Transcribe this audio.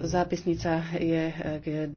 Zápisnica je eh, k dispozícii